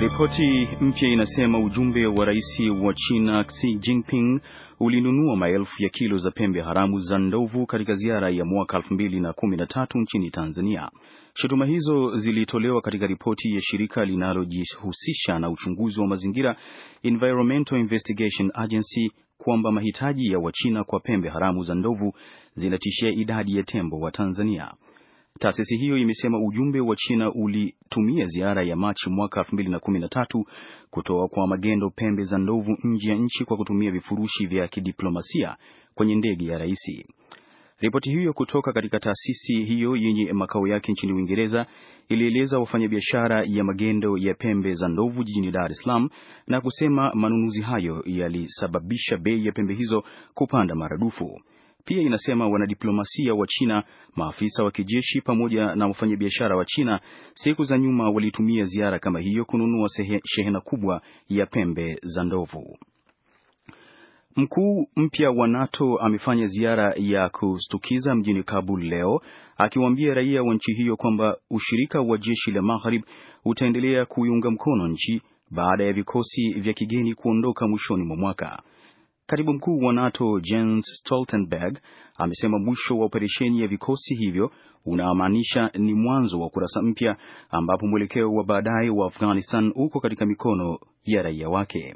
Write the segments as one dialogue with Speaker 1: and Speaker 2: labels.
Speaker 1: Ripoti mpya inasema ujumbe wa rais wa China Xi Jinping ulinunua maelfu ya kilo za pembe haramu za ndovu katika ziara ya mwaka 2013 nchini Tanzania. Shutuma hizo zilitolewa katika ripoti ya shirika linalojihusisha na uchunguzi wa mazingira Environmental Investigation Agency kwamba mahitaji ya Wachina kwa pembe haramu za ndovu zinatishia idadi ya tembo wa Tanzania. Taasisi hiyo imesema ujumbe wa China ulitumia ziara ya Machi mwaka 2013 kutoa kwa magendo pembe za ndovu nje ya nchi kwa kutumia vifurushi vya kidiplomasia kwenye ndege ya raisi. Ripoti hiyo kutoka katika taasisi hiyo yenye makao yake nchini Uingereza ilieleza wafanyabiashara ya magendo ya pembe za ndovu jijini Dar es Salaam na kusema manunuzi hayo yalisababisha bei ya pembe hizo kupanda maradufu. Pia inasema wanadiplomasia wa China, maafisa wa kijeshi pamoja na wafanyabiashara wa China siku za nyuma walitumia ziara kama hiyo kununua shehena kubwa ya pembe za ndovu. Mkuu mpya wa NATO amefanya ziara ya kustukiza mjini Kabul leo akiwaambia raia wa nchi hiyo kwamba ushirika wa jeshi la Maghrib utaendelea kuiunga mkono nchi baada ya vikosi vya kigeni kuondoka mwishoni mwa mwaka. Katibu mkuu wa NATO Jens Stoltenberg amesema mwisho wa operesheni ya vikosi hivyo unaamaanisha ni mwanzo wa kurasa mpya ambapo mwelekeo wa baadaye wa Afghanistan uko katika mikono ya raia wake.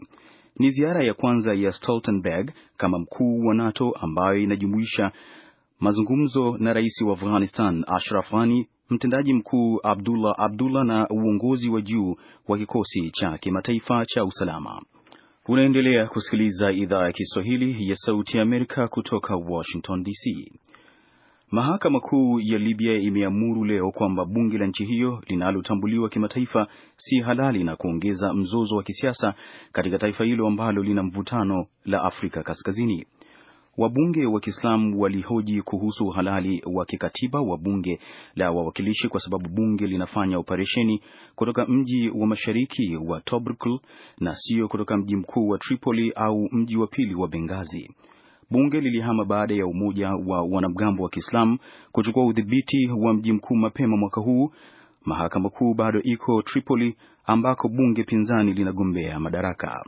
Speaker 1: Ni ziara ya kwanza ya Stoltenberg kama mkuu wa NATO ambayo inajumuisha mazungumzo na rais wa Afghanistan Ashraf Ghani, mtendaji mkuu Abdullah Abdullah na uongozi wa juu wa kikosi cha kimataifa cha usalama. Unaendelea kusikiliza idhaa ya Kiswahili ya Sauti ya Amerika kutoka Washington DC. Mahakama Kuu ya Libya imeamuru leo kwamba bunge la nchi hiyo linalotambuliwa kimataifa si halali na kuongeza mzozo wa kisiasa katika taifa hilo ambalo lina mvutano la Afrika Kaskazini. Wabunge wa Kiislamu walihoji kuhusu uhalali wa kikatiba wa bunge la wawakilishi kwa sababu bunge linafanya operesheni kutoka mji wa mashariki wa Tobruk na sio kutoka mji mkuu wa Tripoli au mji wa pili wa bengazi Bunge lilihama baada ya umoja wa wanamgambo wa Kiislamu kuchukua udhibiti wa mji mkuu mapema mwaka huu. Mahakama kuu bado iko Tripoli ambako bunge pinzani linagombea madaraka.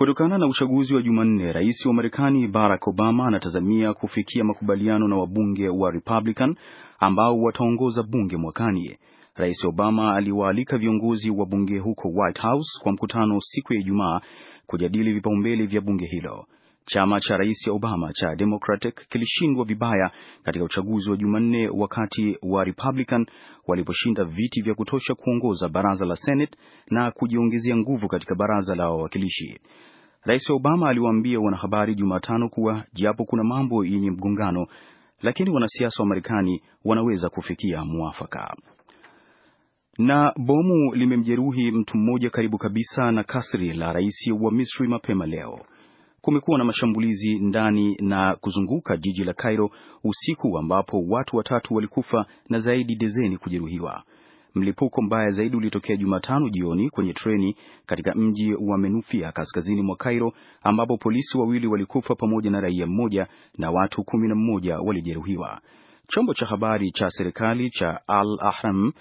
Speaker 1: Kutokana na uchaguzi wa Jumanne, rais wa Marekani Barack Obama anatazamia kufikia makubaliano na wabunge wa Republican ambao wataongoza bunge mwakani. Rais Obama aliwaalika viongozi wa bunge huko White House kwa mkutano siku ya Ijumaa kujadili vipaumbele vya bunge hilo. Chama cha rais Obama cha Democratic kilishindwa vibaya katika uchaguzi wa Jumanne wakati wa Republican waliposhinda viti vya kutosha kuongoza baraza la Senate na kujiongezea nguvu katika baraza la wawakilishi. Rais Obama aliwaambia wanahabari Jumatano kuwa japo kuna mambo yenye mgongano, lakini wanasiasa wa Marekani wanaweza kufikia mwafaka. Na bomu limemjeruhi mtu mmoja karibu kabisa na kasri la rais wa Misri mapema leo. Kumekuwa na mashambulizi ndani na kuzunguka jiji la Cairo usiku ambapo watu watatu walikufa na zaidi dezeni kujeruhiwa. Mlipuko mbaya zaidi ulitokea Jumatano jioni kwenye treni katika mji wa Menufia kaskazini mwa Cairo, ambapo polisi wawili walikufa pamoja na raia mmoja na watu kumi na mmoja walijeruhiwa. Chombo cha habari cha serikali cha Al Ahram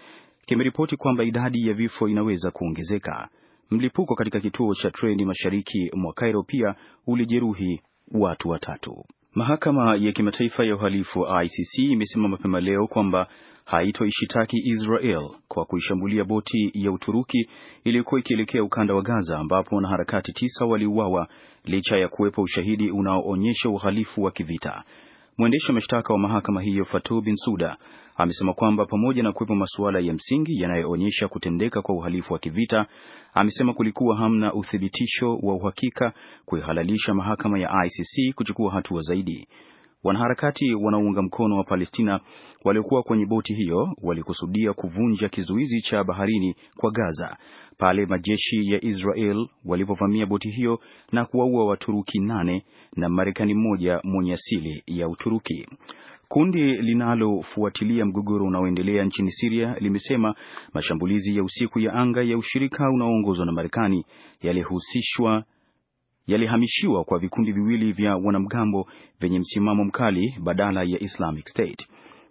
Speaker 1: kimeripoti kwamba idadi ya vifo inaweza kuongezeka. Mlipuko katika kituo cha treni mashariki mwa Cairo pia ulijeruhi watu watatu. Mahakama ya Kimataifa ya Uhalifu ICC imesema mapema leo kwamba haitoishitaki Israel kwa kuishambulia boti ya Uturuki iliyokuwa ikielekea ukanda wa Gaza ambapo wanaharakati tisa waliuawa licha ya kuwepo ushahidi unaoonyesha uhalifu wa kivita. Mwendesha mashtaka wa mahakama hiyo Fatou Bensouda amesema kwamba pamoja na kuwepo masuala ya msingi yanayoonyesha kutendeka kwa uhalifu wa kivita, amesema kulikuwa hamna uthibitisho wa uhakika kuihalalisha mahakama ya ICC kuchukua hatua zaidi. Wanaharakati wanaounga mkono wa Palestina waliokuwa kwenye boti hiyo walikusudia kuvunja kizuizi cha baharini kwa Gaza pale majeshi ya Israel walipovamia boti hiyo na kuwaua Waturuki nane na Marekani mmoja mwenye asili ya Uturuki. Kundi linalofuatilia mgogoro unaoendelea nchini Siria limesema mashambulizi ya usiku ya anga ya ushirika unaoongozwa na Marekani yalihusishwa yalihamishiwa kwa vikundi viwili vya wanamgambo vyenye msimamo mkali badala ya Islamic State.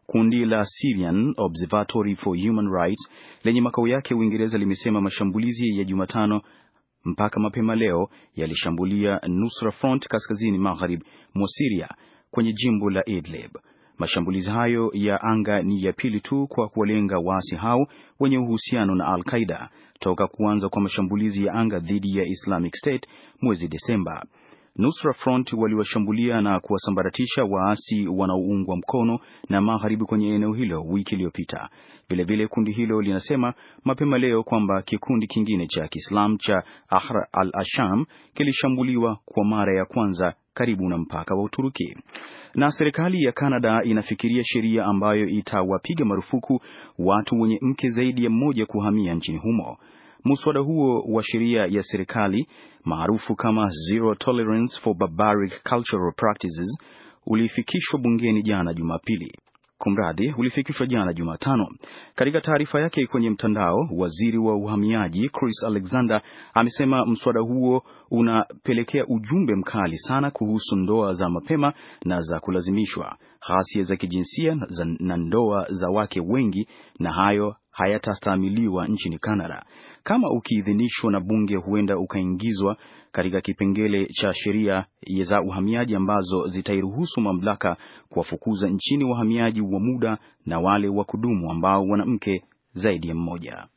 Speaker 1: Kundi la Syrian Observatory for Human Rights lenye makao yake Uingereza limesema mashambulizi ya Jumatano mpaka mapema leo yalishambulia Nusra Front kaskazini magharibi mwa Siria kwenye jimbo la Idlib. Mashambulizi hayo ya anga ni ya pili tu kwa kuwalenga waasi hao wenye uhusiano na Al-Qaida toka kuanza kwa mashambulizi ya anga dhidi ya Islamic State mwezi Desemba. Nusra Front waliwashambulia na kuwasambaratisha waasi wanaoungwa mkono na magharibi kwenye eneo hilo wiki iliyopita. Vilevile kundi hilo linasema mapema leo kwamba kikundi kingine cha Kiislamu cha Ahr al-Asham kilishambuliwa kwa mara ya kwanza karibu na mpaka wa Uturuki. Na serikali ya Kanada inafikiria sheria ambayo itawapiga marufuku watu wenye mke zaidi ya mmoja kuhamia nchini humo. Muswada huo wa sheria ya serikali maarufu kama Zero Tolerance for Barbaric Cultural Practices ulifikishwa bungeni jana Jumapili. Kumradhi, ulifikishwa jana Jumatano. Katika taarifa yake kwenye mtandao, waziri wa uhamiaji Chris Alexander amesema mswada huo unapelekea ujumbe mkali sana kuhusu ndoa za mapema na za kulazimishwa, ghasia za kijinsia na ndoa za wake wengi, na hayo hayatastahimiliwa nchini canada Kama ukiidhinishwa na bunge, huenda ukaingizwa katika kipengele cha sheria za uhamiaji ambazo zitairuhusu mamlaka kuwafukuza nchini wahamiaji wa muda na wale wa kudumu ambao wana mke zaidi ya mmoja.